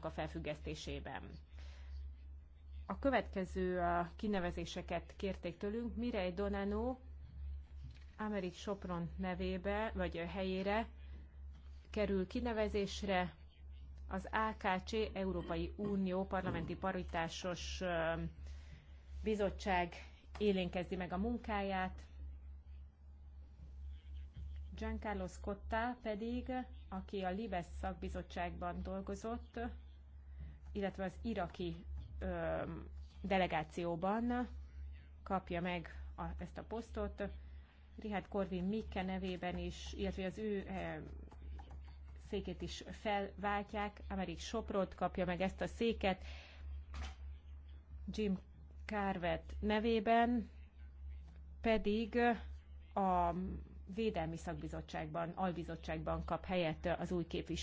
a felfüggesztésében. A következő kinevezéseket kérték tőlünk. Mirei Donano Amerik Sopron nevébe, vagy helyére kerül kinevezésre az AKC Európai Unió Parlamenti Paritásos Bizottság élén meg a munkáját. Giancarlo Scotta pedig, aki a Libes szakbizottságban dolgozott, illetve az iraki ö, delegációban kapja meg a, ezt a posztot. Rihát Corvin Mikke nevében is, illetve az ő e, székét is felváltják. Amerik Soprot kapja meg ezt a széket. Jim Carvet nevében pedig a Védelmi Szakbizottságban, Albizottságban kap helyet az új képviselő.